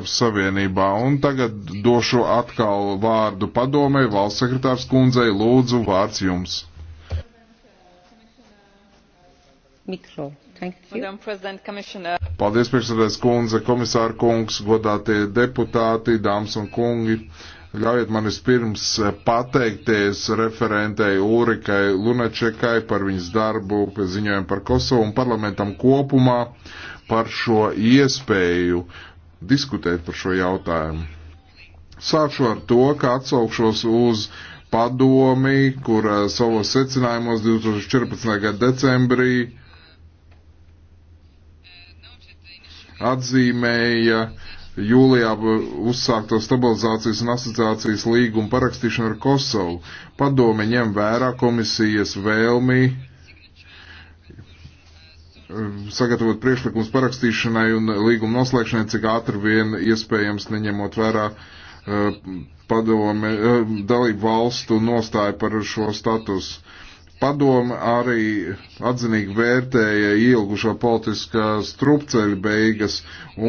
Eiropas Savienībā. Un tagad došu atkal vārdu padomē valsts sekretārs kundzei. Lūdzu, vārds jums. Mikro. Paldies, priekšsēdētājs kundze, komisāra kungs, godātie deputāti, dāmas un kungi. Ļaujiet man vispirms pateikties referentei Ūrikai Lunačekai par viņas darbu, ziņojumu par Kosovu un parlamentam kopumā par šo iespēju diskutēt par šo jautājumu. Sākšu ar to, ka atsaukšos uz padomi, kur eh, savos secinājumos 2014. gada decembrī atzīmēja jūlijā uzsākto stabilizācijas un asociācijas līgumu parakstīšanu ar Kosovu. Padome ņem vērā komisijas vēlmi Um, sagatavot priekšlikumus parakstīšanai un līguma noslēgšanai, cik ātri vien iespējams, neņemot vērā uh, padome, uh, dalību valstu nostāju par šo statusu. Padome arī atzinīgi vērtēja ielgušo politiskā strupceļa beigas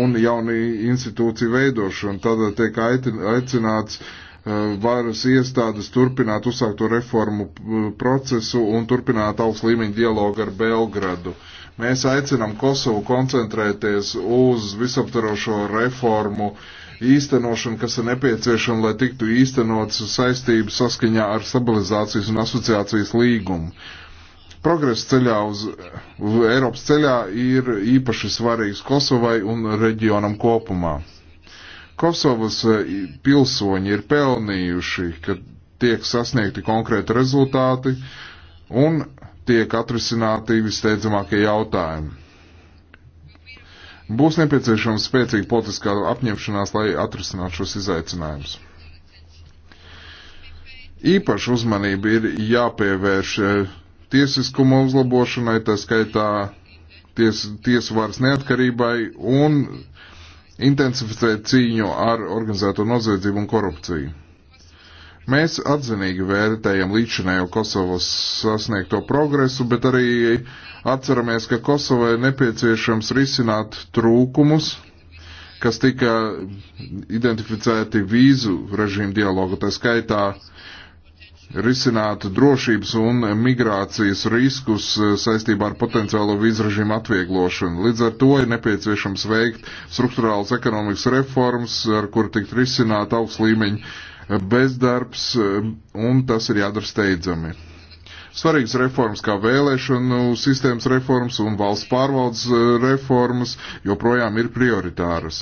un jaunu institūciju veidošanu. Tādēļ tiek aicināts uh, varas iestādes turpināt uzsākto reformu procesu un turpināt augstu līmeņu dialogu ar Belgradu. Uh, Mēs aicinām Kosovu koncentrēties uz visaptarošo reformu īstenošanu, kas ir nepieciešama, lai tiktu īstenots saistību saskaņā ar stabilizācijas un asociācijas līgumu. Progress ceļā uz, uz Eiropas ceļā ir īpaši svarīgs Kosovai un reģionam kopumā. Kosovas e, pilsoņi ir pelnījuši, ka tiek sasniegti konkrēti rezultāti un tiek atrisināti visteidzamākie jautājumi. Būs nepieciešama spēcīga politiskā apņemšanās, lai atrisinātu šos izaicinājumus. Īpaši uzmanība ir jāpievērš eh, tiesiskuma uzlabošanai, tā skaitā ties, tiesvaras neatkarībai un intensificēt cīņu ar organizēto noziedzību un korupciju. Mēs atzinīgi vērtējam līdzinējo Kosovas sasniegto progresu, bet arī atceramies, ka Kosovai nepieciešams risināt trūkumus, kas tika identificēti vīzu režīmu dialogu, tā skaitā risināt drošības un migrācijas riskus saistībā ar potenciālo vīzu režīmu atvieglošanu. Līdz ar to ir nepieciešams veikt struktūrāls ekonomikas reformas, ar kur tikt risināt augsts līmeņa bezdarbs, um, un tas ir jādara steidzami. Svarīgas reformas kā vēlēšanu sistēmas reformas un valsts pārvaldes uh, reformas joprojām ir prioritāras.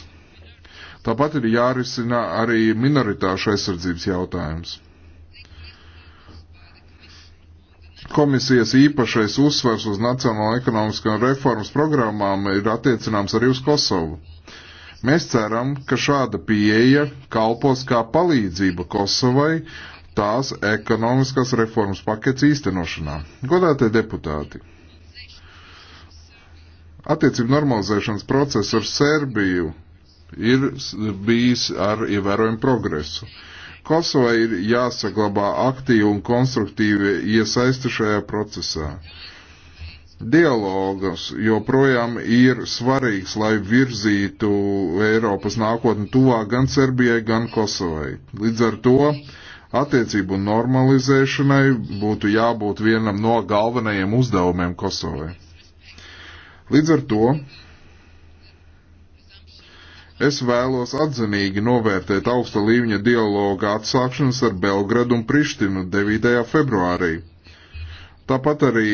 Tāpat ir jārisina arī minoritāšu aizsardzības jautājums. Komisijas īpašais uzsvers uz nacionālo ekonomiskām reformas programmām ir attiecināms arī uz Kosovu. Mēs ceram, ka šāda pieeja kalpos kā palīdzība Kosovai tās ekonomiskās reformas paketes īstenošanā. Godātie deputāti! Attiecību normalizēšanas process ar Serbiju ir bijis ar ievērojumu progresu. Kosovai ir jāsaglabā aktīva un konstruktīva iesaista šajā procesā. Dialogas joprojām ir svarīgs, lai virzītu Eiropas nākotni tuvāk gan Serbijai, gan Kosovai. Līdz ar to attiecību normalizēšanai būtu jābūt vienam no galvenajiem uzdevumiem Kosovai. Līdz ar to es vēlos atzinīgi novērtēt augsta līmeņa dialoga atsākšanas ar Belgradu un Prištinu 9. februārī Tāpat arī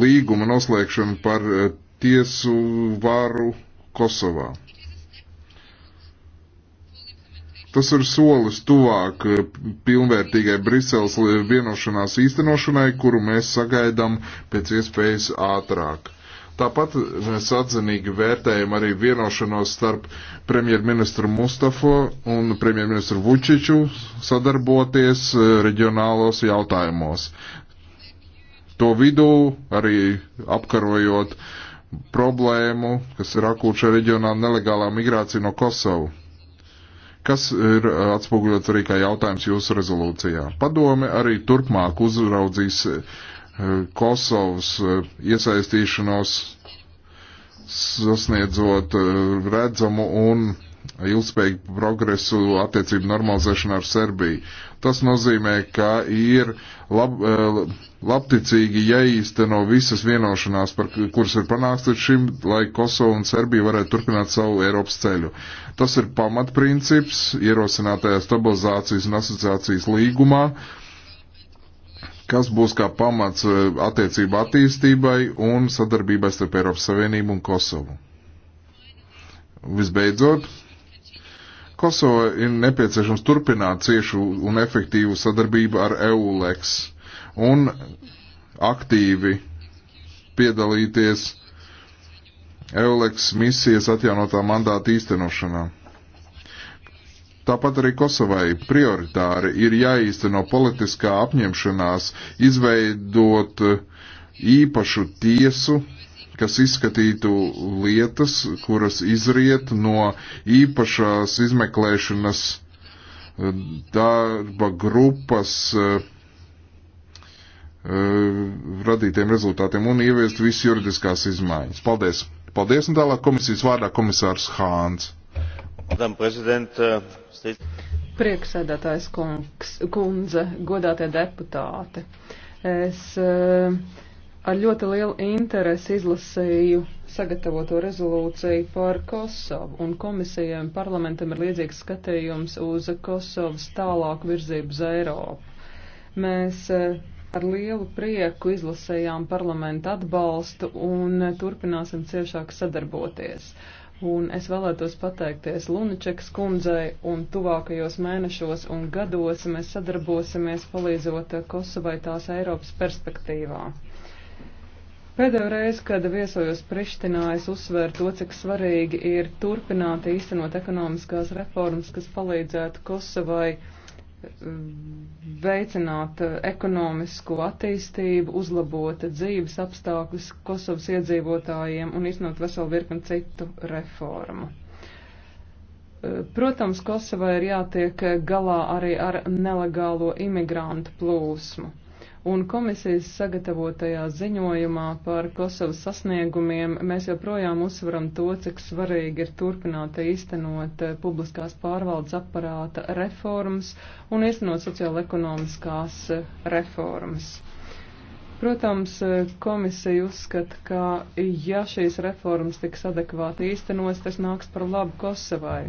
līguma noslēgšana par eh, tiesu varu Kosovā. Tas ir solis tuvāk eh, pilnvērtīgai Briseles eh, vienošanās īstenošanai, kuru mēs sagaidām pēc iespējas ātrāk. Tāpat mēs atzinīgi vērtējam arī vienošanos starp premjerministru Mustafo un premjerministru Vučiču sadarboties reģionālos jautājumos. To vidū arī apkarojot problēmu, kas ir akūša reģionā nelegālā migrācija no Kosovu, kas ir eh, atspoguļots arī kā jautājums jūsu rezolūcijā. Padome arī turpmāk uzraudzīs eh, Kosovas eh, iesaistīšanos sasniedzot redzamu un ilgspējīgu progresu attiecību normalizēšanu ar Serbiju. Tas nozīmē, ka ir lab, eh, labticīgi jāīsteno visas vienošanās, par kuras ir panākts līdz šim, lai Kosova un Serbija varētu turpināt savu Eiropas ceļu. Tas ir pamatprincips ierosinātajā stabilizācijas un asociācijas līgumā kas būs kā pamats eh, attiecību attīstībai un sadarbībai starp Eiropas Savienību un Kosovu. Visbeidzot, Kosovo ir nepieciešams turpināt ciešu un efektīvu sadarbību ar EULEX un aktīvi piedalīties EULEX misijas atjaunotā mandāta īstenošanā. Tāpat arī Kosovai prioritāri ir jāīsteno politiskā apņemšanās izveidot īpašu tiesu kas izskatītu lietas, kuras izriet no īpašās izmeklēšanas eh, darba grupas eh, eh, radītiem rezultātiem un ieviest visu juridiskās izmaiņas. Paldies! Paldies un tālāk komisijas vārdā komisārs Hāns. Prieksēdētājs kungs, kundze, godātie deputāti. Es uh, Ar ļoti lielu interesi izlasīju sagatavoto rezolūciju par Kosovu, un komisijai un parlamentam ir līdzīgs skatījums uz Kosovas tālāku virzību uz Eiropu. Mēs eh, ar lielu prieku izlasējām parlamentu atbalstu un turpināsim ciešāk sadarboties. Un es vēlētos pateikties Lunačekas kundzei, un tuvākajos mēnešos un gados mēs sadarbosimies palīdzot Kosovai tās Eiropas perspektīvā. Pēdējo reizi, kad viesojos Prištinā, es uzsvēru to, cik svarīgi ir turpināt īstenot ekonomiskās reformas, kas palīdzētu Kosovai mm, veicināt eh, ekonomisko attīstību, uzlabot dzīves apstākļus Kosovas iedzīvotājiem un iznot veselu virkni citu reformu. Eh, protams, Kosovai ir jātiek galā arī ar nelegālo imigrantu plūsmu un komisijas sagatavotajā ziņojumā par Kosovas sasniegumiem mēs joprojām uzsveram to, cik svarīgi ir turpināt īstenot eh, publiskās pārvaldes aparāta reformas un īstenot sociāla-ekonomiskās eh, reformas. Protams, eh, komisija uzskata, ka ja šīs reformas tiks adekvāti īstenotas, tas nāks par labu Kosovai.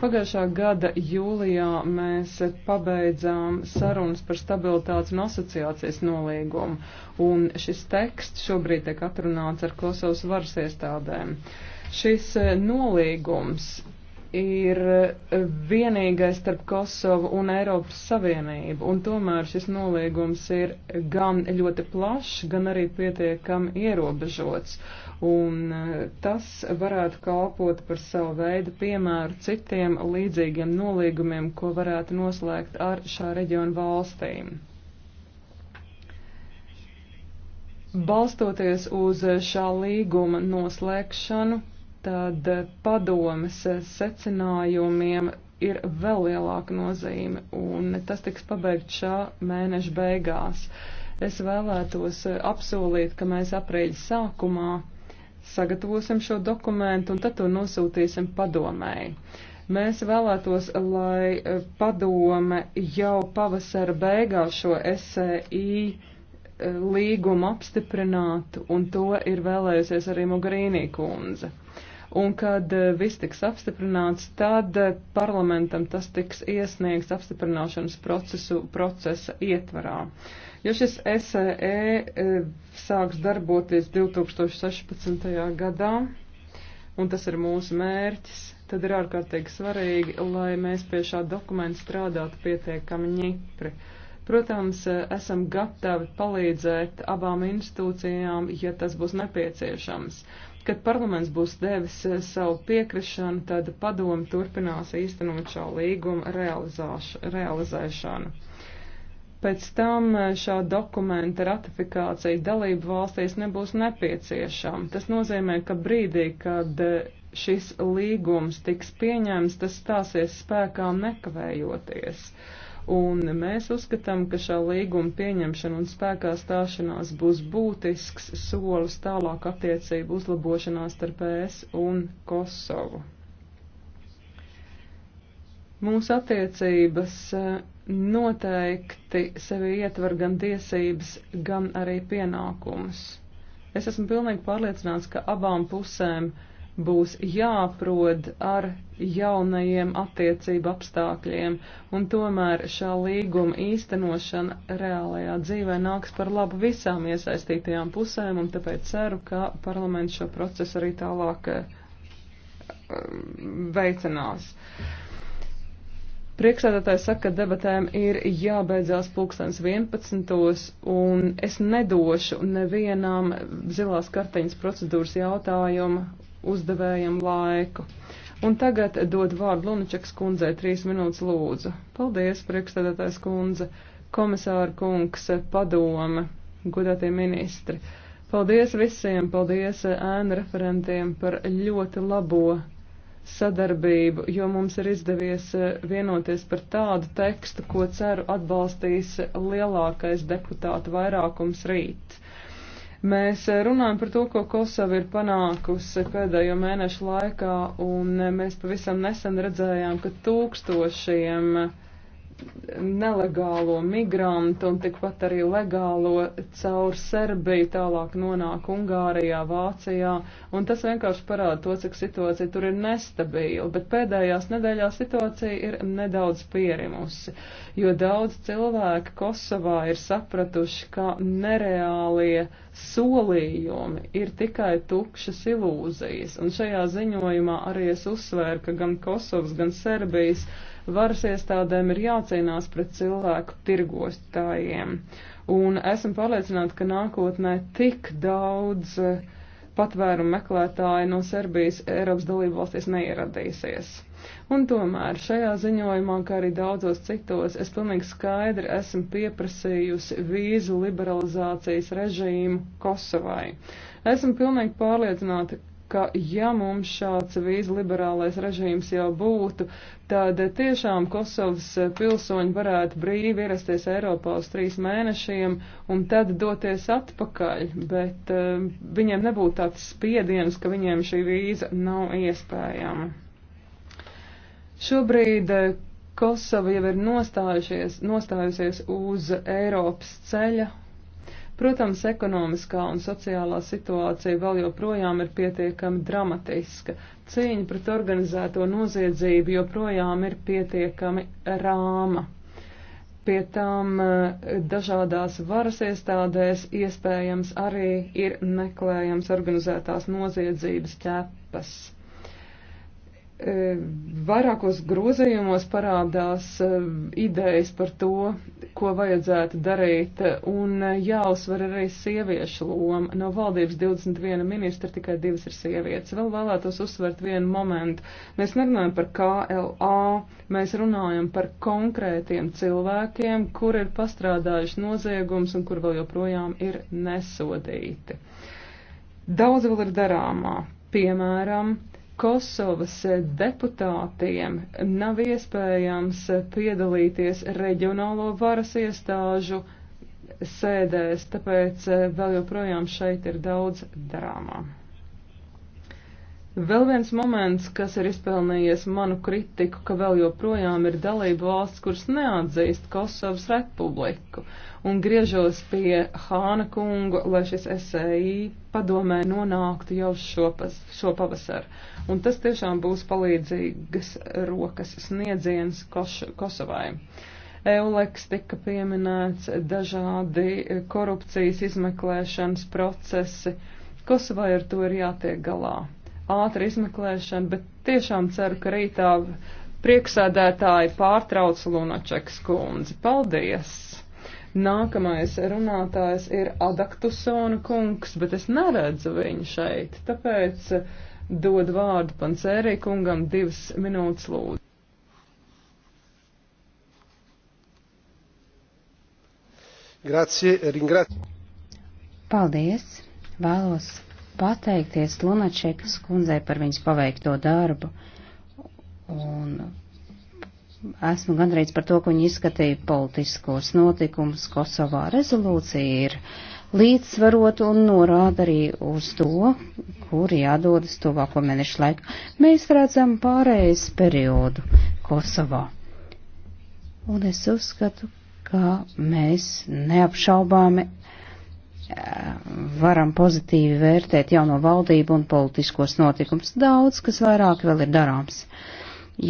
Pagājušā gada jūlijā mēs pabeidzām sarunas par stabilitātes un asociācijas nolīgumu, un šis teksts šobrīd tiek atrunāts ar Kosovas varas iestādēm. Šis eh, nolīgums ir eh, vienīgais starp Kosovu un Eiropas Savienību, un tomēr šis nolīgums ir gan ļoti plašs, gan arī pietiekami ierobežots, un eh, tas varētu kalpot par savu veidu piemēru citiem līdzīgiem nolīgumiem, ko varētu noslēgt ar šā reģiona valstīm. Balstoties uz šā līguma noslēgšanu, tad padomes secinājumiem ir vēl lielāka nozīme, un tas tiks pabeigts šā mēneša beigās. Es vēlētos apsolīt, ka mēs aprīļa sākumā sagatavosim šo dokumentu un tad to nosūtīsim padomēji. Mēs vēlētos, lai e, padome jau pavasara beigā šo SEI e, līgumu apstiprinātu, un to ir vēlējusies arī Mugrīnī kundze. Uh, un kad eh, viss tiks apstiprināts, tad eh, parlamentam tas tiks iesniegts apstiprināšanas procesu, procesa ietvarā. Jo šis SEE e, eh, sāks darboties 2016. gadā, un tas ir mūsu mērķis, tad ir ārkārtīgi svarīgi, lai mēs pie šā dokumenta strādātu pietiekami ņipri. Protams, esam gatavi palīdzēt abām institūcijām, ja tas būs nepieciešams. Kad parlaments būs devis eh, savu piekrišanu, tad padomu turpinās īstenot šā līguma realizēšanu. Pēc tam eh, šā dokumenta ratifikācija dalību valstīs nebūs nepieciešama. Tas nozīmē, ka brīdī, kad eh, šis līgums tiks pieņemts, tas stāsies spēkā nekavējoties. Uh, un mēs uzskatām, ka šā līguma pieņemšana un spēkā stāšanās būs būtisks solis tālāk attiecību uzlabošanā starp ES un Kosovu. Mūsu attiecības e, noteikti sevi ietver gan tiesības, gan arī pienākumus. Es esmu pilnīgi pārliecināts, ka abām pusēm uh, būs jāprod ar jaunajiem attiecību apstākļiem, un tomēr šā līguma īstenošana reālajā dzīvē nāks par labu visām iesaistītajām pusēm, un tāpēc ceru, ka parlaments šo procesu arī tālāk eh, mm, veicinās. Priekšsēdētājs saka, ka debatēm ir jābeidzās pulkstens 11. un es nedošu nevienam zilās karteņas procedūras jautājumu uzdevējam laiku. Un tagad dod vārdu Lunačeks kundzei trīs minūtes lūdzu. Paldies, priekšstādātājs kundze, komisāra kungs, padome, godātie ministri. Paldies visiem, paldies ēnu referentiem par ļoti labo sadarbību, jo mums ir izdevies vienoties par tādu tekstu, ko ceru atbalstīs lielākais deputātu vairākums rīt. Mēs eh, runājam par to, ko Kosova ir panākusi pēdējo mēnešu laikā, un eh, mēs pavisam nesen redzējām, ka tūkstošiem eh, nelegālo migrantu un tikpat arī legālo caur Serbiju tālāk nonāk Ungārijā, Vācijā, un tas vienkārši parāda to, cik situācija tur ir nestabila, bet pēdējās nedēļās situācija ir nedaudz pierimusi, jo daudz cilvēki Kosovā ir sapratuši, ka nereālie solījumi ir tikai tukšas ilūzijas, un šajā ziņojumā arī es uzsvēru, ka gan Kosovas, gan Serbijas varas iestādēm ir jācīnās pret cilvēku tirgostājiem, un esmu pārliecināta, ka nākotnē tik daudz uh, patvērumu meklētāji no Serbijas Eiropas dalību valstīs neieradīsies. Un tomēr šajā ziņojumā, kā arī daudzos citos, es pilnīgi skaidri esmu pieprasījusi vīzu liberalizācijas režīmu Kosovai. Esmu pilnīgi pārliecināta, ka ja mums šāds vīzu liberālais režīms jau būtu, tad tiešām Kosovas pilsoņi varētu brīvi ierasties Eiropā uz trīs mēnešiem un tad doties atpakaļ, bet uh, viņiem nebūtu tāds spiediens, ka viņiem šī vīza nav iespējama. Šobrīd eh, Kosova jau ir nostājusies uz Eiropas ceļa Protams, ekonomiskā un sociālā situācija vēl joprojām ir pietiekami dramatiska. Cīņa pret organizēto noziedzību joprojām ir pietiekami rāma. Pie tam eh, dažādās varas iestādēs iespējams arī ir meklējams organizētās noziedzības ķepas. E, vairākos grozījumos parādās e, idejas par to, ko vajadzētu darīt, un jāuzsver arī sieviešu loma. No valdības 21 ministra tikai divas ir sievietes. Vēl vēlētos uzsvert vienu momentu. Mēs nerunājam par KLA, mēs runājam par konkrētiem cilvēkiem, kur ir pastrādājuši noziegums un kur vēl joprojām ir nesodīti. Daudz vēl ir darāmā. Piemēram, uh, Kosovas eh, deputātiem nav iespējams eh, piedalīties reģionālo varas iestāžu sēdēs, tāpēc eh, vēl joprojām šeit ir daudz drāmām. Vēl viens moments, kas ir izpelnījies manu kritiku, ka vēl joprojām ir dalība valsts, kuras neatzīst Kosovas republiku, un griežos pie Hāna kunga, lai šis SEI padomē nonāktu jau šo, pas, šo pavasaru. Un tas tiešām būs palīdzīgas rokas sniedziens Kos Kosovai. Euleks tika pieminēts dažādi korupcijas izmeklēšanas procesi. Kosovai ar to ir jātiek galā ātra izmeklēšana, bet tiešām ceru, ka rītā prieksēdētāji pārtrauc Lunačeks kundzi. Paldies! Nākamais runātājs ir Adaktusona kungs, bet es neredzu viņu šeit, tāpēc dod vārdu Pancērī kungam divas minūtes lūdzu. Grazie, ringrazie. Paldies! Vēlos pateikties Lunačekas kundzei par viņas paveikto darbu. Un esmu gandrīz par to, ka viņi izskatīja politiskos notikumus Kosovā. Rezolūcija ir līdzsvarota un norāda arī uz to, kur jādodas tuvāko mēnešu laiku. Mēs redzam pārējais periodu Kosovā. Un es uzskatu, ka mēs neapšaubāmi varam pozitīvi vērtēt jauno valdību un politiskos notikums. Daudz, kas vairāk vēl ir darāms.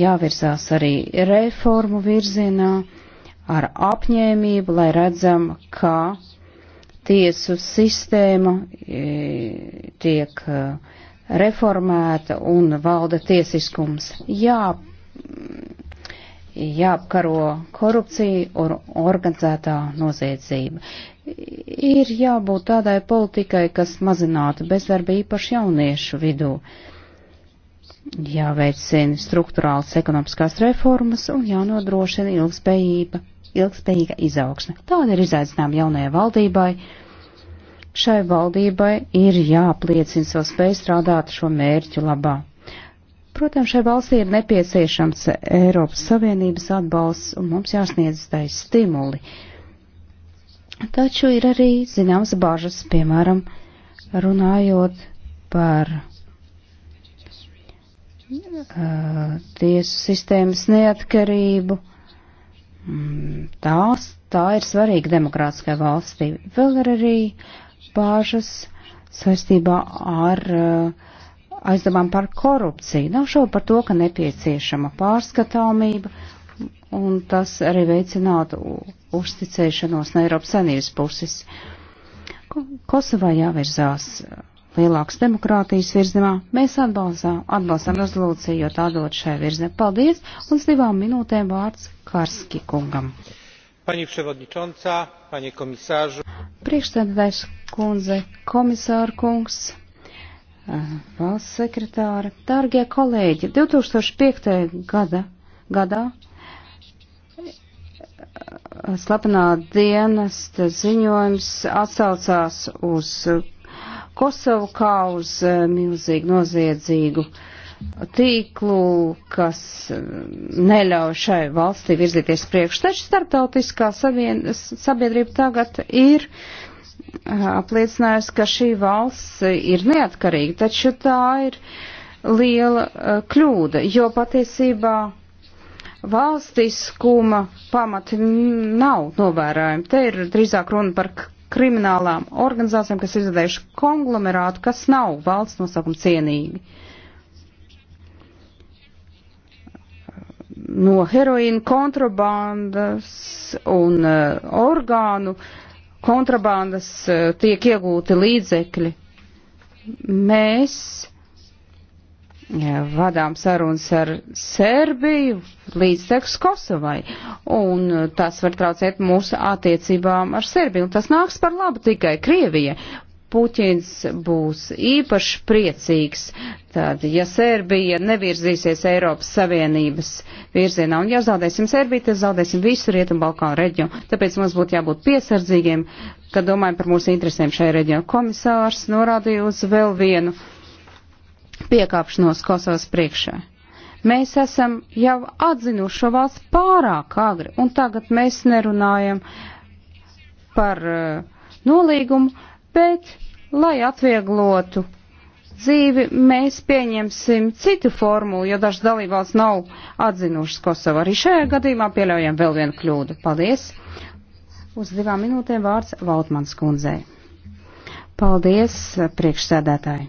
Jāvirzās arī reformu virzienā ar apņēmību, lai redzam, kā tiesu sistēma e, tiek e, reformēta un valda tiesiskums. Jā, jāapkaro korupcija un organizētā noziedzība. Ir jābūt tādai politikai, kas mazinātu bezdarba īpaši jauniešu vidū. Jāveicina struktūrāls ekonomiskās reformas un jānodrošina ilgspējība, ilgspējīga izaugsme. Tāda ir izaicinājuma jaunajai valdībai. Šai valdībai ir jāpliecina savu spēju strādāt šo mērķu labā. Protams, šai valstī ir nepieciešams Eiropas Savienības atbalsts un mums jāsniedz tai stimuli. Taču ir arī zināmas bažas, piemēram, runājot par uh, tiesu sistēmas neatkarību. Mm, tās, tā ir svarīga demokrātiskai valstī. Vēl ir arī bāžas saistībā ar uh, aizdomām par korupciju. Nav šaubu par to, ka nepieciešama pārskatāmība, un tas arī veicinātu uzticēšanos no Eiropas Savienības puses. Kosovā jāvirzās lielākas demokrātijas virzienā. Mēs atbalstām, atbalstām rezolūciju, jo tā dod šai virzienā. Paldies, un uz divām minūtēm vārds Karski kungam. Pani Priekšsēdētājs kundze, komisāra kungs valsts sekretāra. Dārgie kolēģi, 2005. gada, gadā eh, slepenā dienesta ziņojums atsaucās uz Kosovu kā uz eh, milzīgu noziedzīgu tīklu, kas eh, neļauj šai valstī virzīties priekš. Taču starptautiskā savien, sabiedrība tagad ir Eh, apliecinājusi, ka šī valsts ir neatkarīga, taču tā ir liela eh, kļūda, jo patiesībā valstiskuma pamati nav novērojami. Te ir drīzāk runa par kriminālām organizācijām, kas izvadējuši konglomerātu, kas nav valsts nosakuma cienīgi. No heroīna kontrabandas un uh, orgānu uh, kontrabandas e, tiek iegūti līdzekļi. Mēs jā, e, vadām sarunas ar Serbiju līdz teks Kosovai, un e, tas var traucēt mūsu attiecībām ar Serbiju, un tas nāks par labu tikai Krievijai. Puķins būs īpaši priecīgs, tad, ja Sērbija nevirzīsies Eiropas Savienības virzienā, un ja zaudēsim Sērbiju, tad zaudēsim visu Rietumu Balkānu reģionu. Tāpēc mums būtu jābūt piesardzīgiem, kad domājam par mūsu interesēm šajā reģionā. Komisārs norādīja uz vēl vienu piekāpšanos Kosovas priekšā mēs esam jau atzinuši šo valsts pārāk agri, un tagad mēs nerunājam par uh, nolīgumu, bet, lai atvieglotu dzīvi, mēs pieņemsim citu formulu, jo dažas dalībvalsts nav atzinušas Kosovu. Arī šajā gadījumā pieļaujam vēl vienu kļūdu. Paldies! Uz divām minūtēm vārds Valtmans kundzei. Paldies, priekšsēdētāji!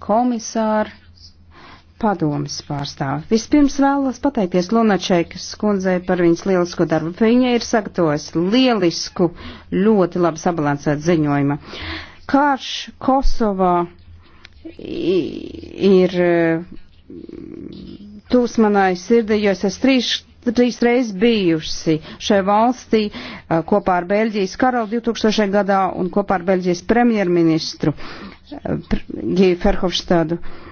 Komisāri, padomas pārstāvi. Vispirms vēlos pateikties Lunačēkas kundzei par viņas lielisko darbu. Viņa ir sagatavojusi lielisku, ļoti labi sabalansētu ziņojumu. Karš Kosovā ir e, tūs manai sirdī, jo es esmu trīs, trīs reizes bijusi šai valstī e, kopā ar Beļģijas karalu 2000. gadā un kopā ar Beļģijas premjerministru e, Gīju Ferhofštadu. Uh,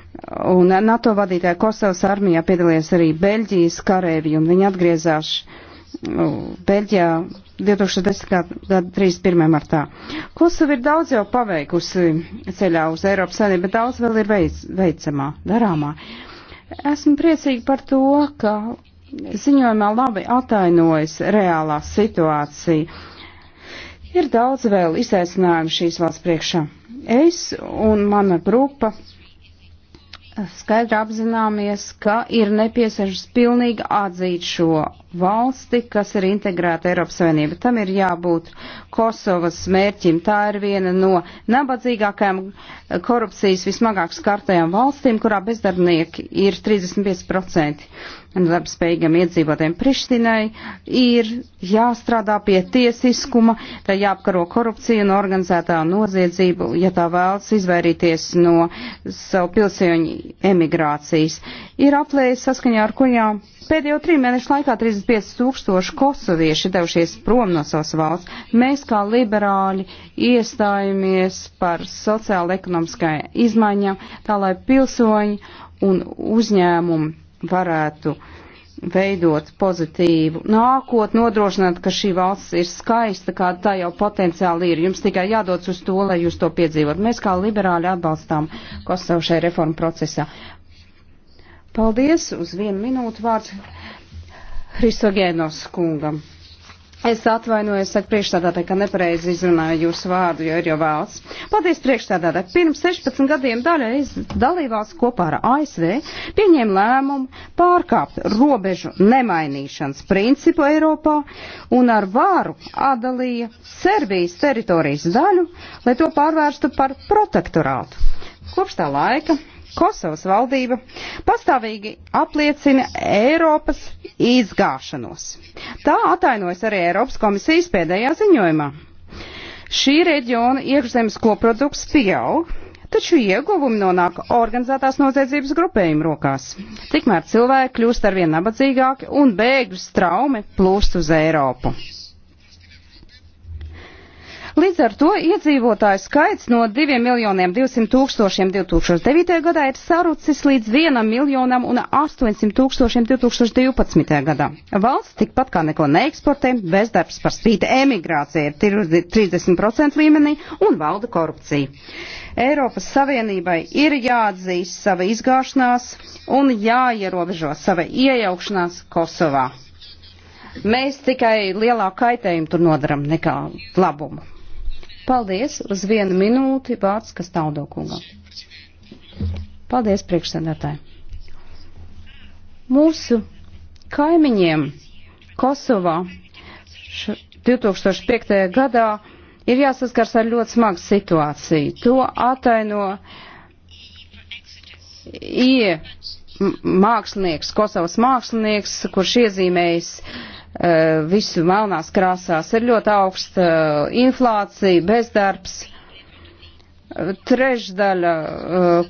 Un NATO vadītāja Kosovas armijā piedalījās arī Beļģijas karēvi, un viņi atgriezās nu, Beļģijā 2010. gada 31. martā. Kosova ir daudz jau paveikusi ceļā uz Eiropas Savienību, bet daudz vēl ir veic, veicamā, darāmā. Esmu priecīgi par to, ka ziņojumā labi atainojas reālā situācija. Ir daudz vēl izaicinājumu šīs valsts priekšā. Es un mana grupa skaidri apzināmies, ka ir nepieciešams pilnīgi atzīt šo valsti, kas ir integrēta Eiropas Savienība. Tam ir jābūt Kosovas mērķim. Tā ir viena no nabadzīgākajām korupcijas vismagāk skartajām valstīm, kurā bezdarbnieki ir 35%. Labspējīgam iedzīvotiem Prištinai ir jāstrādā pie tiesiskuma, tā jāapkaro korupciju un organizētā noziedzību, ja tā vēlas izvairīties no savu pilsēņu emigrācijas. Ir aplējas saskaņā ar kuņām Pēdējo trīs mēnešu laikā 35 tūkstoši kosovieši devušies prom no savas valsts. Mēs kā liberāļi iestājamies par sociāla ekonomiskai izmaiņām, tā lai pilsoņi un uzņēmumi varētu veidot pozitīvu nākot, nodrošināt, ka šī valsts ir skaista, kā tā jau potenciāli ir. Jums tikai jādodas uz to, lai jūs to piedzīvot. Mēs kā liberāļi atbalstām Kosovu šajā reformu procesā. Paldies, uz vienu minūtu vārds Hristogēnos kungam. Es atvainojos, saka priekšstādātāji, ka nepareizi izrunāju jūsu vārdu, jo ir jau vēls. Paldies priekšstādātāji. Pirms 16 gadiem daļa dalībās kopā ar ASV pieņēma lēmumu pārkāpt robežu nemainīšanas principu Eiropā un ar vāru atdalīja Serbijas teritorijas daļu, lai to pārvērstu par protektorātu. Kopš tā laika Kosovas valdība pastāvīgi apliecina Eiropas izgāšanos. Tā atainojas arī Eiropas komisijas pēdējā ziņojumā. Šī reģiona iekšzemes koprodukts pieaug, taču ieguvumi nonāk organizētās noziedzības grupējuma rokās. Tikmēr cilvēki kļūst arvien nabadzīgāki un bēgļu straumi plūst uz Eiropu. Līdz ar to iedzīvotāju skaits no 2 miljoniem 200 tūkstošiem 2009. gadā ir sarucis līdz 1 miljonam un 800 tūkstošiem 2012. gadā. Valsts tikpat kā neko neeksportē, bezdarbs par spīti emigrācijai ir 30% līmenī un valda korupcija. Eiropas Savienībai ir jāatzīst sava izgāšanās un jāierobežo sava iejaukšanās Kosovā. Mēs tikai lielāku kaitējumu tur nodaram nekā labumu. Paldies uz vienu minūti vārds, kas taudo kungam. Paldies, priekšsēdētāji. Mūsu kaimiņiem Kosovā 2005. gadā ir jāsaskars ar ļoti smagu situāciju. To ataino IE mākslinieks, Kosovas mākslinieks, kurš iezīmējis uh, Eh, visu melnās krāsās. Ir ļoti augsta eh, inflācija, bezdarbs. Eh, trešdaļa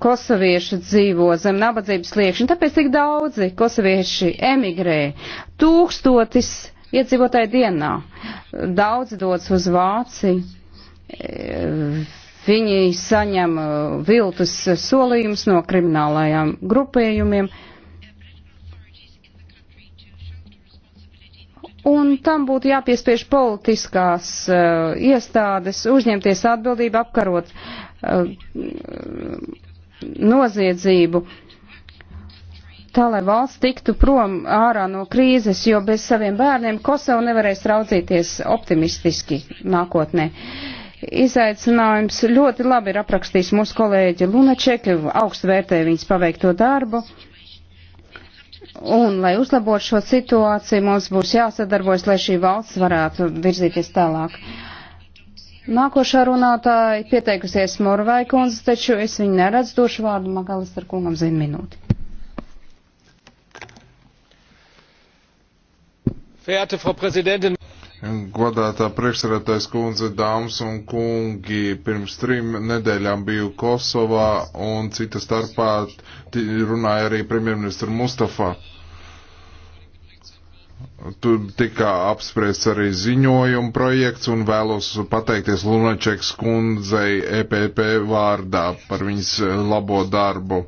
kosoviešu dzīvo zem nabadzības sliekšņa, tāpēc tik daudzi kosovieši emigrē. Tūkstotis iedzīvotāji dienā. Daudzi dodas uz Vāciju. Viņi saņem viltus solījumus no kriminālajām grupējumiem. Uh, un tam būtu jāpiespiež politiskās uh, iestādes uzņemties atbildību apkarot uh, noziedzību. Tā lai valsts tiktu prom ārā no krīzes, jo bez saviem bērniem Kosova nevarēs raudzīties optimistiski nākotnē. Izaicinājums ļoti labi ir aprakstījis mūsu kolēģi Lunačeki, augstu vērtē viņas paveikto darbu Un, lai uzlabotu šo situāciju, mums būs jāsadarbojas, lai šī valsts varētu virzīties tālāk. Nākošā runātāja pieteikusies Morvai kundze, taču es viņu neredzu došu vārdu Magalis ar kungam zinu minūti. Verehrte Frau Präsidentin! Godātā priekšsarētais kundze, dāmas un kungi, pirms trim nedēļām biju Kosovā un cita starpā runāja arī premjerministra Mustafa. Tur tika apspriests arī ziņojuma projekts un vēlos pateikties Lunačeks kundzei EPP vārdā par viņas labo darbu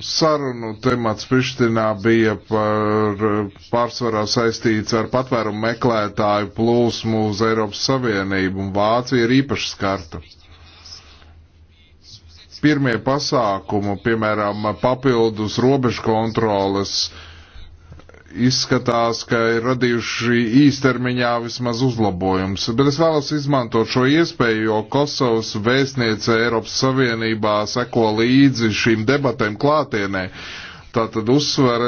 sarunu temats Prištinā bija par pārsvarā saistīts ar patvērumu meklētāju plūsmu uz Eiropas Savienību, un Vācija ir īpaši skarta. Pirmie pasākumi, piemēram, papildus robežu kontroles uh, izskatās, ka ir radījuši īstermiņā vismaz uzlabojums. Bet es vēlos izmantot šo iespēju, jo Kosovas vēstniece Eiropas Savienībā seko līdzi šīm debatēm klātienē. Tātad uzsver,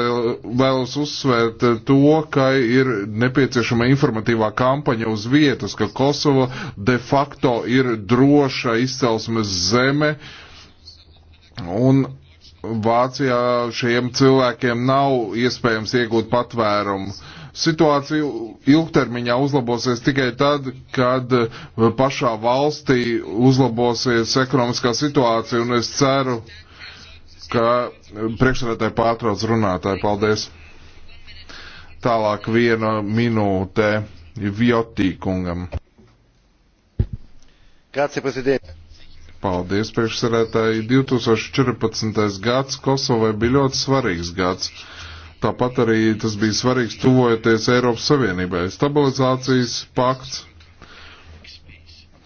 vēlos uzsvērt to, ka ir nepieciešama informatīvā kampaņa uz vietas, ka Kosova de facto ir droša izcelsmes zeme. Un Vācijā šiem cilvēkiem nav iespējams iegūt patvērumu. Situācija ilgtermiņā uzlabosies tikai tad, kad uh, pašā valstī uzlabosies ekonomiskā situācija, un es ceru, ka uh, priekšsēdētāji pārtrauc runātāji. Paldies! Tālāk viena minūte Vjotī kungam. Grazie, prezident. Paldies, priekšsarētāji. 2014. gads Kosovai bija ļoti svarīgs gads. Tāpat arī tas bija svarīgs tuvojoties Eiropas Savienībai. Stabilizācijas pakts,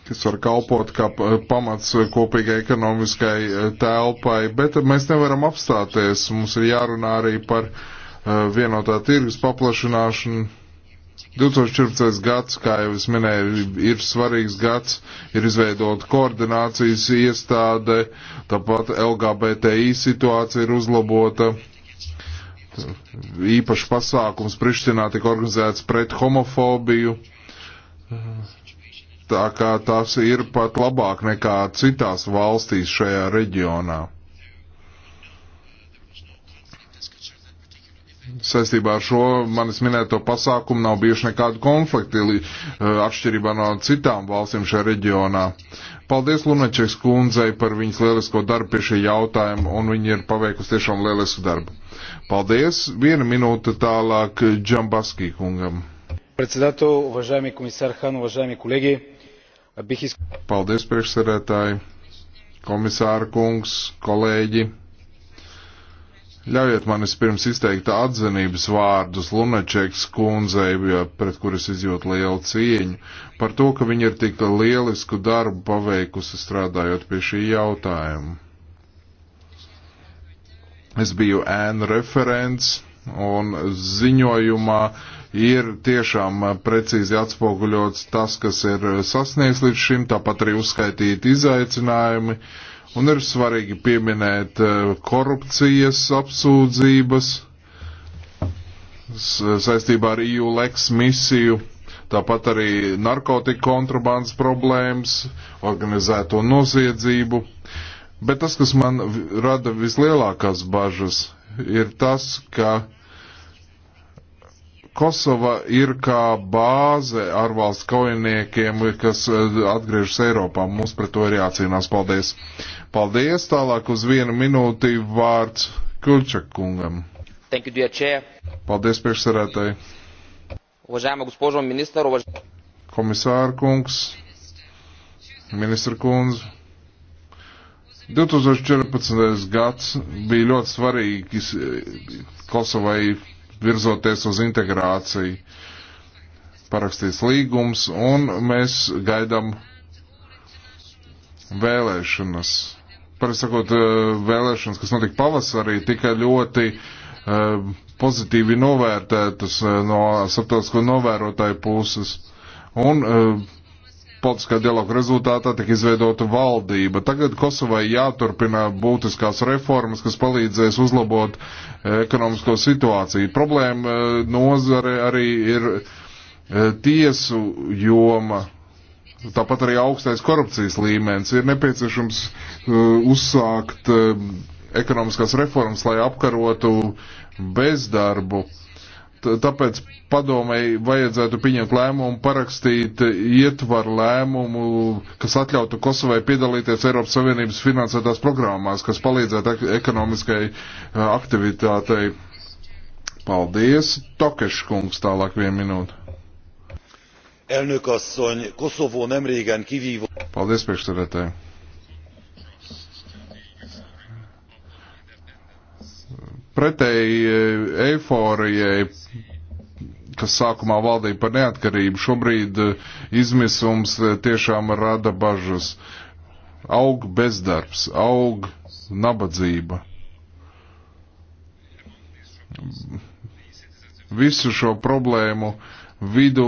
kas var kalpot kā pamats kopīgai ekonomiskai e, telpai, bet mēs nevaram apstāties. Mums ir jārunā arī par e, vienotā tirgus paplašināšanu 2014. gads, kā jau es minēju, ir svarīgs gads, ir izveidota koordinācijas iestāde, tāpat LGBTI situācija ir uzlabota. Īpaši pasākums Prištinā tika organizēts pret homofobiju. Tā kā tas ir pat labāk nekā citās valstīs šajā reģionā. saistībā ar šo manis minēto pasākumu nav bijuši nekādu konflikti eh, atšķirībā no citām valstīm šajā reģionā. Paldies Lunačeks kundzei par viņas lielisko darbu pie šī jautājuma, un viņa ir paveikusi tiešām lielisku darbu. Paldies. Viena minūte tālāk Džambaskī kungam. Председател, уважаеми комисар Хан, уважаеми колеги, бих искал. Paldies, priekšsēdētāji, komisāra kungs, kolēģi. Ļaujiet man vispirms izteikt atzinības vārdus Lunačeks kundzei, pret kuras izjūt lielu cieņu, par to, ka viņa ir tik lielisku darbu paveikusi strādājot pie šī jautājuma. Es biju ēnu referents un ziņojumā ir tiešām precīzi atspoguļots tas, kas ir sasniegts līdz šim, tāpat arī uzskaitīt izaicinājumi. Uh, Un ir svarīgi pieminēt eh, korupcijas apsūdzības saistībā ar EU Lex misiju, tāpat arī narkotika kontrabandas problēmas, organizēto noziedzību. Bet tas, kas man rada vislielākās bažas, ir tas, ka Kosova ir kā bāze ārvalstu kaujiniekiem, kas eh, atgriežas Eiropā. Mums pret to ir jācīnās. Paldies! Paldies! Tālāk uz vienu minūti vārds Kulčakungam. Thank you, dear chair. Paldies, priekšsarētāji. Уважаема госпожо министър, уваж... Комисар Кунгс, министр Кунз, 2014. gads bija ļoti svarīgs eh, Kosovai virzoties uz integrāciju. Parakstīts līgums, un mēs gaidām vēlēšanas. Parasakot, eh, vēlēšanas, kas notika pavasarī, tika ļoti uh, pozitīvi novērtētas eh, no starptautisko novērotāju puses. Un uh, politiskā dialoga rezultātā tika izveidota valdība. Tagad Kosovai jāturpina būtiskās reformas, kas palīdzēs uzlabot e, ekonomisko situāciju. Problēma e, nozare arī ir e, tiesu joma. Tāpat arī augstais korupcijas līmenis ir nepieciešams uzsākt ekonomiskās reformas, lai apkarotu bezdarbu Tāpēc padomēji vajadzētu pieņemt lēmumu, parakstīt ietvaru lēmumu, kas atļautu Kosovai piedalīties Eiropas Savienības finansētās programmās, kas palīdzētu ekonomiskai aktivitātei. Paldies, Tokeškungs, tālāk vienu minūtu. Elnök asszony, Koszovó nemrégen kivívó. Paldies, priekšsēdētāji. pretēji e, eiforijai, kas sākumā valdīja par neatkarību, šobrīd e, izmisums e, tiešām rada bažas. Aug bezdarbs, aug nabadzība. Visu šo problēmu vidu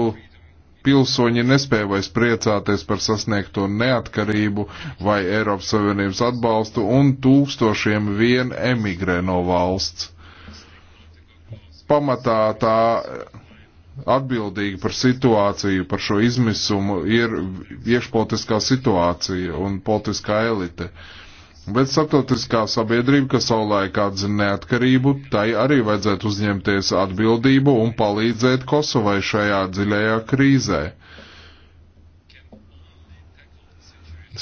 pilsoņi nespēja vairs priecāties par sasniegto neatkarību vai Eiropas Savienības atbalstu un tūkstošiem vien emigrē no valsts. Pamatā tā atbildīga par situāciju, par šo izmisumu ir iekšpolitiskā situācija un politiskā elite. Uh, Bet starptautiskā sabiedrība, kas savulaik atzina neatkarību, tai arī vajadzētu uzņemties atbildību un palīdzēt Kosovai šajā dziļajā krīzē.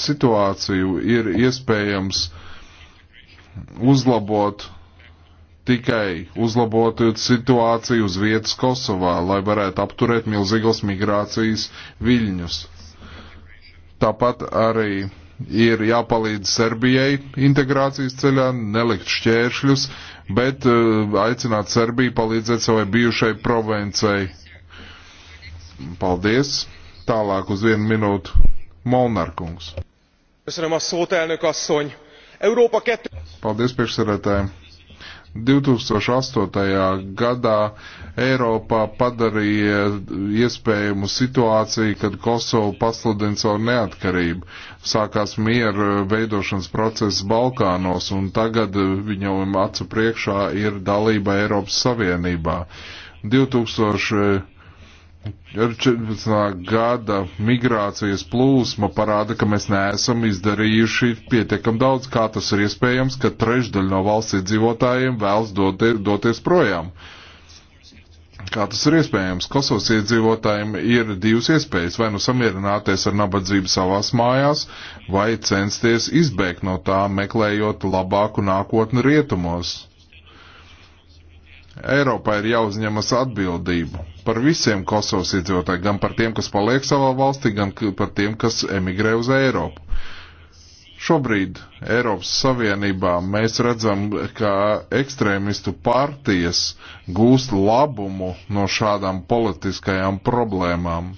Situāciju ir iespējams uzlabot tikai uzlabotot situāciju uz vietas Kosovā, lai varētu apturēt milzīgas migrācijas viļņus. Tāpat arī ir jāpalīdz Serbijai integrācijas ceļā, nelikt šķēršļus, bet eh, aicināt Serbiju palīdzēt savai bijušai provincei. Paldies! Tālāk uz vienu minūtu Molnarkungs. Paldies, priekšsarētājiem! 2008. gadā Eiropā padarīja iespējamu situāciju, kad Kosovu pasludina savu neatkarību. Sākās miera veidošanas process Balkānos, un tagad viņam acu priekšā ir dalība Eiropas Savienībā. 2000 14. gada migrācijas plūsma parāda, ka mēs neesam izdarījuši pietiekam daudz, kā tas ir iespējams, ka trešdaļa no valsts iedzīvotājiem vēlas doties, doties projām. Kā tas ir iespējams? Kosovas iedzīvotājiem ir divas iespējas - vai nu samierināties ar nabadzību savās mājās, vai censties izbēgt no tā, meklējot labāku nākotni rietumos Eiropā ir jāuzņemas atbildība par visiem Kosovas iedzīvotājiem, gan par tiem, kas paliek savā valstī, gan par tiem, kas emigrē uz Eiropu. Šobrīd Eiropas Savienībā mēs redzam, ka ekstrēmistu partijas gūst labumu no šādām politiskajām problēmām.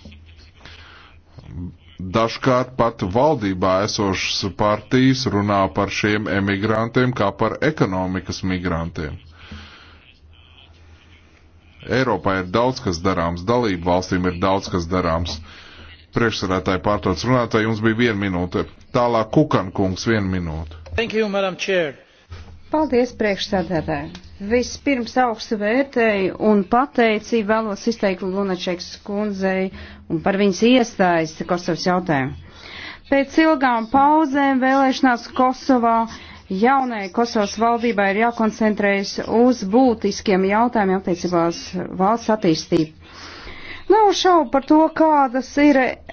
Dažkārt pat valdībā esošas partijas runā par šiem emigrantiem kā par ekonomikas migrantiem Eiropā ir daudz kas darāms, dalību valstīm ir daudz kas darāms. Priekšsarētāji pārtrauc runātāji, jums bija viena minūte. Tālāk Kukan kungs, viena minūte. Thank you, Madam Chair. Paldies, priekšsādātāji. Vispirms augstu vērtēju un pateicību vēlos izteikt Lunačeks kundzei un par viņas iestājas Kosovas jautājumu. Pēc ilgām pauzēm vēlēšanās Kosovā Jaunai Kosovas valdībai ir jākoncentrējas uz būtiskiem jautājumiem attiecībās valsts attīstību. Nav šaubu par to, kādas ir e,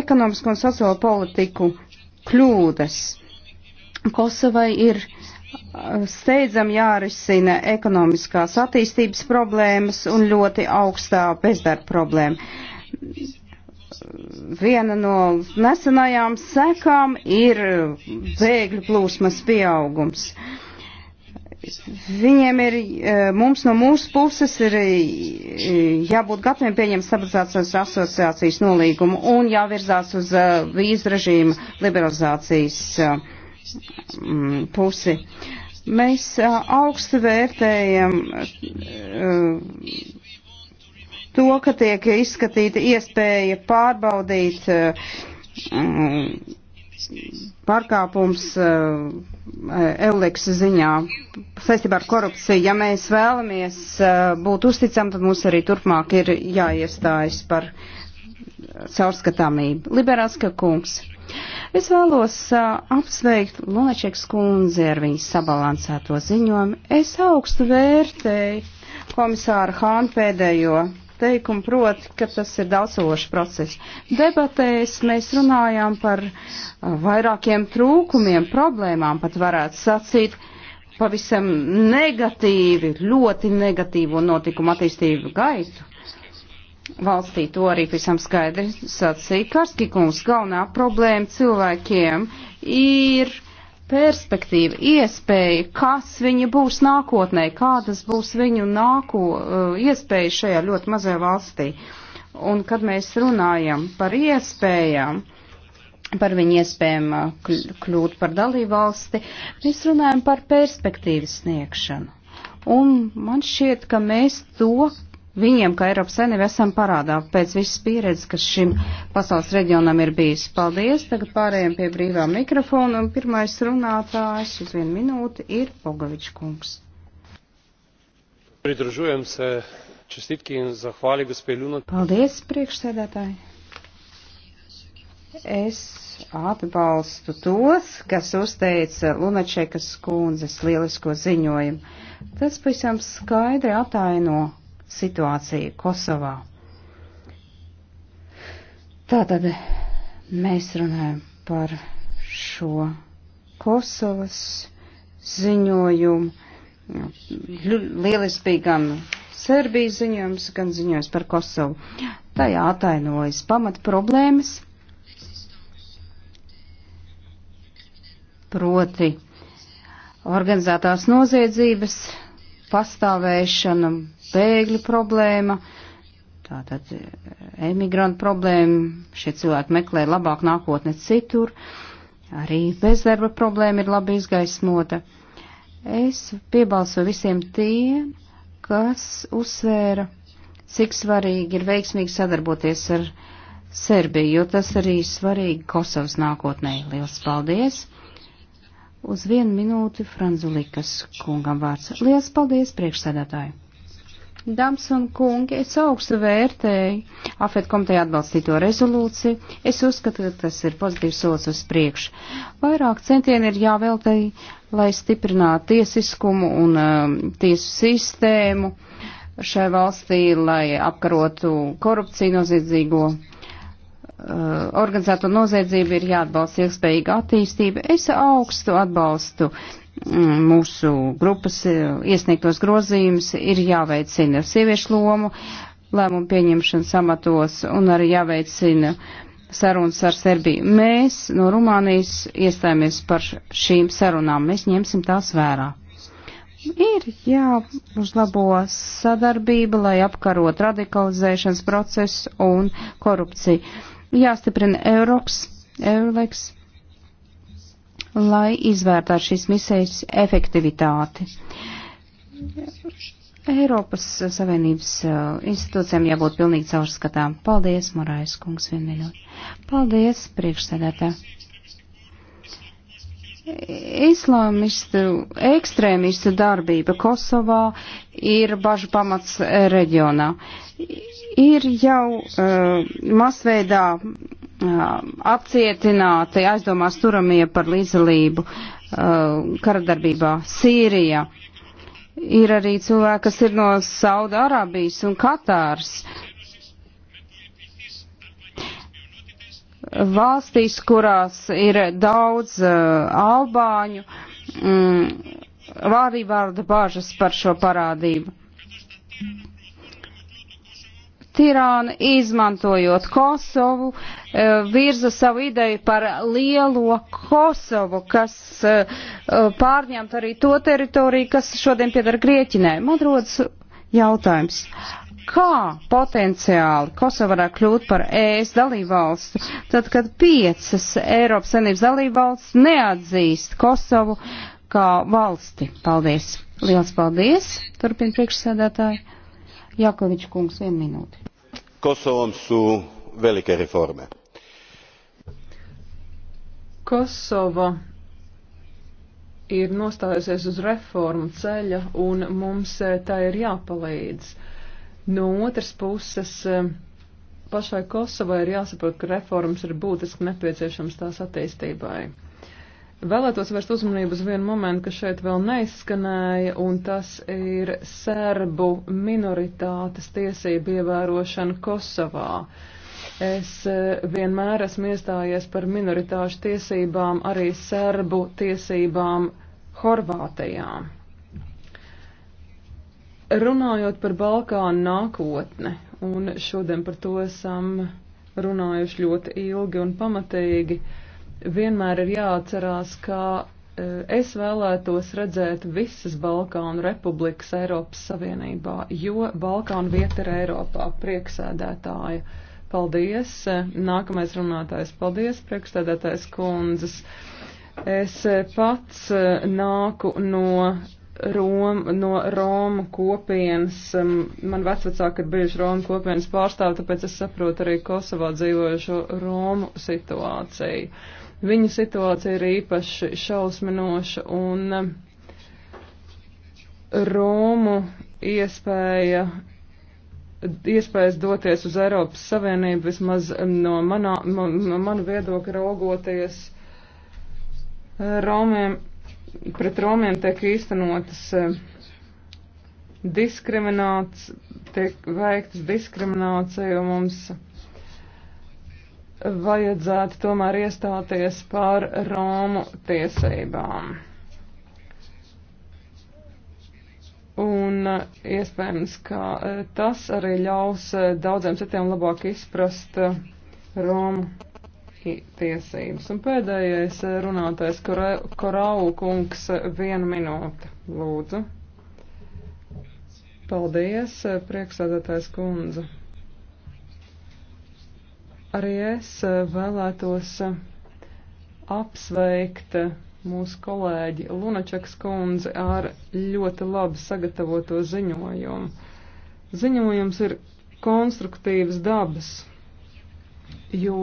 ekonomisko un sociālo politiku kļūdas. Kosovai ir e, steidzam jārisina ekonomiskās attīstības problēmas un ļoti augstā bezdarba problēma viena no nesenajām sekām ir bēgļu plūsmas pieaugums. Viņiem ir, e, mums no mūsu puses ir e, jābūt gataviem pieņemt stabilizācijas asociācijas nolīgumu un jāvirzās uz e, vīzu režīmu liberalizācijas pusi. Mēs augstu vērtējam to, ka tiek izskatīta iespēja pārbaudīt eh, pārkāpums eh, Euleks ziņā saistībā ar korupciju. Ja mēs vēlamies eh, būt uzticam, tad mums arī turpmāk ir jāiestājas par caurskatāmību. Liberāska kungs. Es vēlos uh, apsveikt Lunačeks kundzi ar viņas sabalansēto ziņojumu. Es augstu vērtēju komisāru Hānu pēdējo teikumu, proti, ka tas ir daudzsološs process. Debatēs mēs runājām par uh, vairākiem trūkumiem, problēmām, pat varētu sacīt, pavisam negatīvi, ļoti negatīvo notikumu attīstību gaitu. Valstī to arī visam skaidri sacīja Karskikums. Galvenā problēma cilvēkiem ir perspektīva, iespēja, kas viņi būs nākotnē, kādas būs viņu nāko uh, iespējas šajā ļoti mazajā valstī. Un kad mēs runājam par iespējām, par viņu iespējām uh, kļūt par dalībvalsti, mēs runājam par perspektīvas sniegšanu. Un man šķiet, ka mēs to viņiem, ka Eiropas Savienība esam parādā pēc visas pieredzes, kas šim pasaules reģionam ir bijis. Paldies, tagad pārējiem pie brīvā mikrofona, un pirmais runātājs uz vienu minūti ir Pogovičs kungs. Pridružujem se čestitki in zahvali gospe Lunat. Paldies, priekšsēdētāji. Es atbalstu tos, kas uzteica Lunačekas kundzes lielisko ziņojumu. Tas pavisam skaidri ataino situāciju Kosovā. Tātad mēs runājam par šo Kosovas ziņojumu. Lieliski bija gan Serbijas ziņojums, gan ziņojums par Kosovu. Tajā atainojas pamat problēmas, proti organizētās noziedzības pastāvēšana, bēgļu problēma, tātad e, emigrantu problēma, šie cilvēki meklē labāk nākotne citur, arī bezdarba problēma ir labi izgaismota. Es piebalsoju visiem tiem, kas uzsvēra, cik svarīgi ir veiksmīgi sadarboties ar Serbiju, jo tas arī svarīgi Kosovas nākotnē. Liels paldies! Uz vienu minūti Franzulikas kungam vārds. Lielas paldies priekšsēdētāji! Dāmas un kungi, es augstu vērtēju Afet komiteja atbalstīto rezolūciju. Es uzskatu, ka tas ir pozitīvs solis uz priekšu. Vairāk centieni ir jāveltei, lai stiprinātu tiesiskumu un um, tiesu sistēmu šai valstī, lai apkarotu korupciju noziedzīgo Eh, organizēto noziedzību ir jāatbalsta ilgspējīga attīstība. Es augstu atbalstu mm, mūsu grupas eh, iesniegtos grozījumus, ir jāveicina sieviešu lomu lēmumu pieņemšanas amatos un arī jāveicina sarunas ar Serbiju. Mēs no Rumānijas iestājāmies par šīm sarunām, mēs ņemsim tās vērā. Ir jāuzlabo sadarbība, lai apkarot radikalizēšanas procesu un korupciju jāstiprina Eiropas, Euroleks, lai izvērtētu šīs misijas efektivitāti. Eiropas Savienības uh, institūcijām jābūt pilnīgi caurskatām. Paldies, Morais kungs, vienu minūti. Paldies, priekšsēdētāji. Islāmistu ekstrēmistu darbība Kosovā ir bažu pamats eh, reģionā. Ir jau uh, masveidā uh, apcietināti aizdomās turamie par līdzdalību uh, karadarbībā Sīrijā. Ir arī cilvēki, kas ir no Saudārābijas un Katāras. Uh, valstīs, kurās ir daudz uh, albāņu, mm, arī vārda bāžas par šo parādību. Tirāna, izmantojot Kosovu, uh, virza savu ideju par lielo Kosovu, kas uh, uh, pārņemt arī to teritoriju, kas šodien piedara Grieķinai. Man rodas jautājums, kā potenciāli Kosova varētu kļūt par ES dalībvalstu, tad, kad piecas Eiropas Savienības dalībvalsts neatzīst Kosovu kā valsti. Paldies! Liels paldies! Turpin priekšsēdētāji. Jakovič kungs, vien minūti. Kosovom su velike reforme. Kosovo ir nostājusies uz reformu ceļa un mums eh, tā ir jāpalīdz. No otras puses, eh, pašai Kosovai ir jāsaprot, ka reformas ir būtiski nepieciešams tās attīstībai. Vēlētos vērst uzmanību uz vienu momentu, kas šeit vēl neizskanēja, un tas ir serbu minoritātes tiesību ievērošana Kosovā. Es eh, vienmēr esmu iestājies par minoritāšu tiesībām, arī serbu tiesībām Horvātijām. Runājot par Balkānu nākotne, un šodien par to esam runājuši ļoti ilgi un pamatīgi, vienmēr ir jāatcerās, ka e, es vēlētos redzēt visas Balkānu republikas Eiropas Savienībā, jo Balkānu vieta ir Eiropā prieksēdētāja. Paldies. Nākamais runātājs. Paldies, priekšstādātājs kundzes. Es pats e, nāku no Rom, no Roma kopienas. Um, man vecvecāki ir bijuši Roma kopienas pārstāvi, tāpēc es saprotu arī Kosovā dzīvojušo Romu situāciju. Viņu situācija ir īpaši šausminoša un um, Romu iespēja, iespējas doties uz Eiropas Savienību vismaz um, no manā, man, no manu viedokļa raugoties Romiem pret romiem tiek īstenotas eh, diskrimināts, tiek veiktas diskriminācija, jo mums vajadzētu tomēr iestāties par Romu tiesībām. Un eh, iespējams, ka eh, tas arī ļaus daudziem citiem labāk izprast Romu tiesības. Un pēdējais eh, runātais Korau kungs eh, vienu minūti, lūdzu. Paldies, eh, prieksādātājs kundze. Arī es vēlētos apsveikt mūsu kolēģi Lunačakas kundzi ar ļoti labi sagatavoto ziņojumu. Ziņojums ir konstruktīvas dabas jo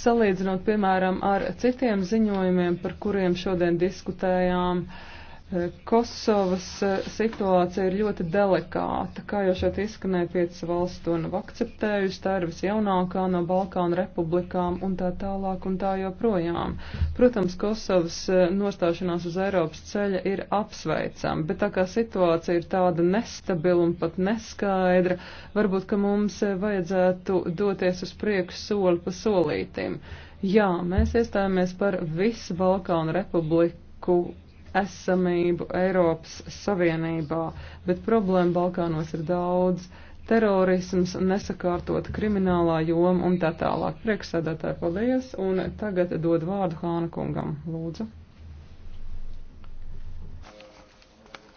salīdzinot, piemēram, ar citiem ziņojumiem, par kuriem šodien diskutējām, uh, Kosovas eh, situācija ir ļoti delikāta, kā jau šeit izskanēja piecas valsts to nav akceptējusi, tā ir visjaunākā no Balkānu republikām un tā tālāk un tā joprojām. Protams, Kosovas eh, nostāšanās uz Eiropas ceļa ir apsveicama, bet tā kā situācija ir tāda nestabila un pat neskaidra, varbūt, ka mums eh, vajadzētu doties uz priekšu soli pa solītim. Jā, mēs iestājāmies par visu Balkānu republiku esamību Eiropas Savienībā, bet problēma Balkānos ir daudz - terorisms, nesakārtot kriminālā joma un tā tālāk. Priekšsēdētāji, paldies, un tagad dod vārdu Hāna kungam. Lūdzu.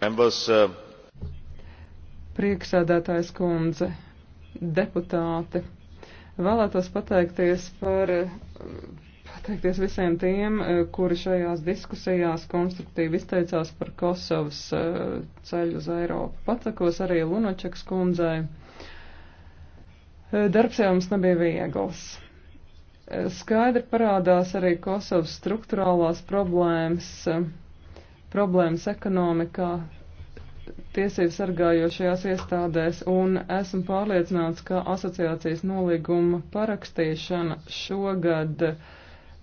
Members, uh... Priekšsēdētājs kundze, deputāti, vēlētos pateikties par uh, pateikties visiem tiem, eh, kuri šajās diskusijās konstruktīvi izteicās par Kosovas eh, ceļu uz Eiropu. Patakos arī Lunačeks kundzei. Eh, darbs jau mums nebija viegls. Skaidri parādās arī Kosovas struktūrālās problēmas, problēmas ekonomikā, tiesību sargājošajās iestādēs, un esmu pārliecināts, ka asociācijas nolīguma parakstīšana šogad uh,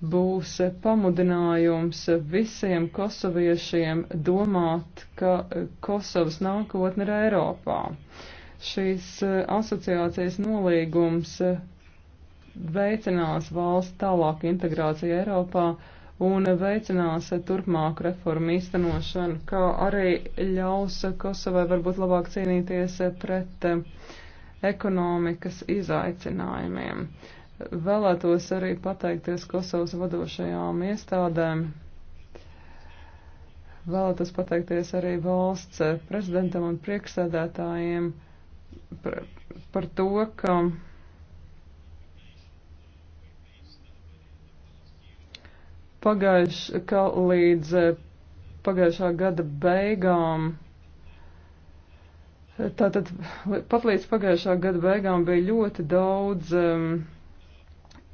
būs pamudinājums visiem kosoviešiem domāt, ka Kosovas nākotne ir Eiropā. Šīs eh, asociācijas nolīgums eh, veicinās valsts tālāku integrāciju Eiropā un veicinās turpmāku reformu īstenošanu, kā arī ļaus Kosovai varbūt labāk cīnīties pret eh, ekonomikas izaicinājumiem. Uh, Vēlētos arī pateikties Kosovas vadošajām iestādēm. Vēlētos pateikties arī valsts prezidentam un priekšsēdētājiem par, par to, ka pagājuš, ka līdz pagājušā gada beigām, tātad pat līdz pagājušā gada beigām bija ļoti daudz um,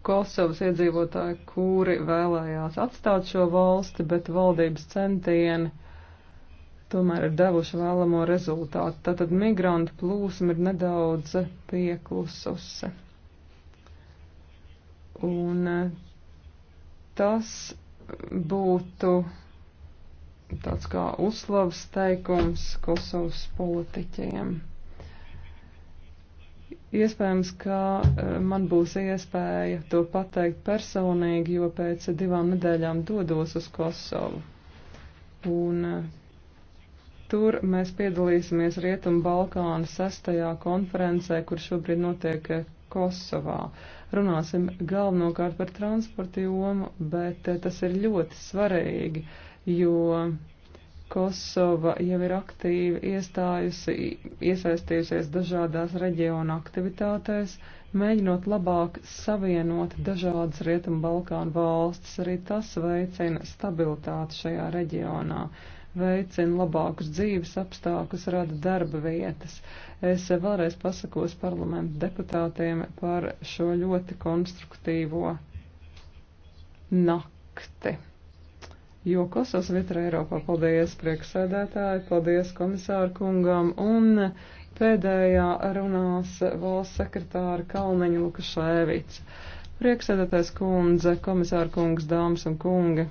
Kosovas iedzīvotāji, kuri vēlējās atstāt šo valsti, bet valdības centieni tomēr ir devuši vēlamo rezultātu. Tātad migrantu plūsma ir nedaudz pieklususi. Un eh, tas būtu tāds kā uzslavas teikums Kosovas politiķiem. Iespējams, ka e, man būs iespēja to pateikt personīgi, jo pēc divām nedēļām dodos uz Kosovu. Un e, tur mēs piedalīsimies Rietumu Balkānu sestajā konferencē, kur šobrīd notiek e, Kosovā. Runāsim galvenokārt par transporta jomu, bet tas ir ļoti svarīgi, jo Kosova jau ir aktīvi iesaistījusies dažādās reģiona aktivitātēs, mēģinot labāk savienot dažādas Rietumu Balkānu valstis. Arī tas veicina stabilitāti šajā reģionā, veicina labākus dzīves apstākļus, rada darba vietas. Es vēlreiz pasakos parlamentu deputātiem par šo ļoti konstruktīvo nakti jo Kosovas vieta ir Eiropā. Paldies prieksēdētāji, paldies komisāru kungam un pēdējā runās valsts sekretāra Kalniņa Lukašēvica. Prieksēdētājs kundze, komisāra kungs, dāmas un kungi.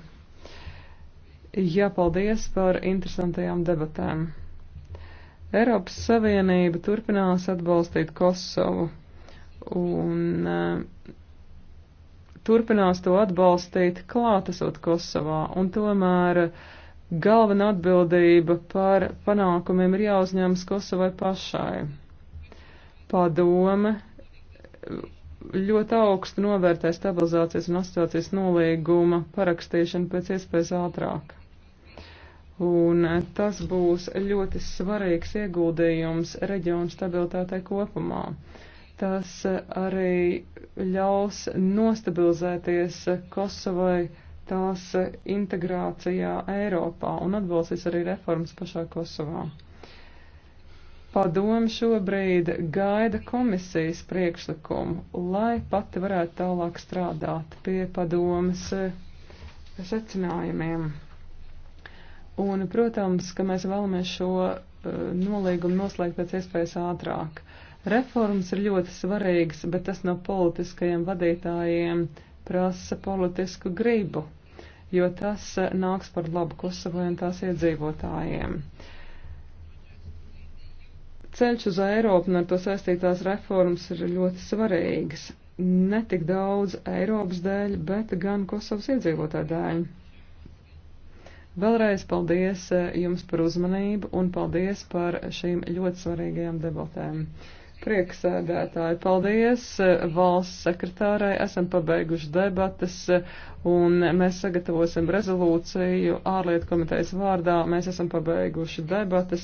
Jā, paldies par interesantajām debatēm. Eiropas Savienība turpinās atbalstīt Kosovu un uh, turpinās to atbalstīt klātesot Kosovā, un tomēr galvenā atbildība par panākumiem ir jāuzņemas Kosovai pašai. Padome ļoti augstu novērtē stabilizācijas un asociācijas nolīguma parakstīšanu pēc iespējas ātrāk. Un tas būs ļoti svarīgs ieguldījums reģionu stabilitātei kopumā. Uh, Tas arī ļaus nostabilizēties Kosovai tās integrācijā Eiropā un atbalstīs arī reformas pašā Kosovā. Padomi šobrīd gaida komisijas priekšlikumu, lai pati varētu tālāk strādāt pie padomas secinājumiem. Un, protams, ka mēs vēlamies šo uh, nolīgumu noslēgt pēc iespējas ātrāk. Reformas ir ļoti svarīgas, bet tas no politiskajiem vadītājiem prasa politisku gribu, jo tas eh, nāks par labu Kosovai un tās iedzīvotājiem. Ceļš uz Eiropu un ar to saistītās reformas ir ļoti svarīgas. Ne tik daudz Eiropas dēļ, bet gan Kosovas iedzīvotāju dēļ. Vēlreiz paldies eh, jums par uzmanību un paldies par šīm ļoti svarīgajām debatēm. Prieksēdētāji, paldies eh, valsts sekretārai. Esam pabeiguši debatas eh, un mēs sagatavosim rezolūciju ārlietu komitejas vārdā. Mēs esam pabeiguši debatas.